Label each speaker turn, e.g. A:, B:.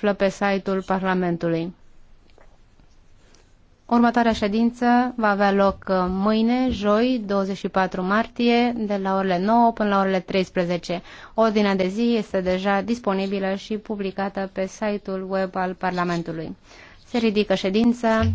A: află pe site-ul Parlamentului. Următoarea ședință va avea loc uh, mâine, joi, 24 martie, de la orele 9 până la orele 13. Ordinea de zi este deja disponibilă și publicată pe site-ul web al Parlamentului. Se ridică ședința.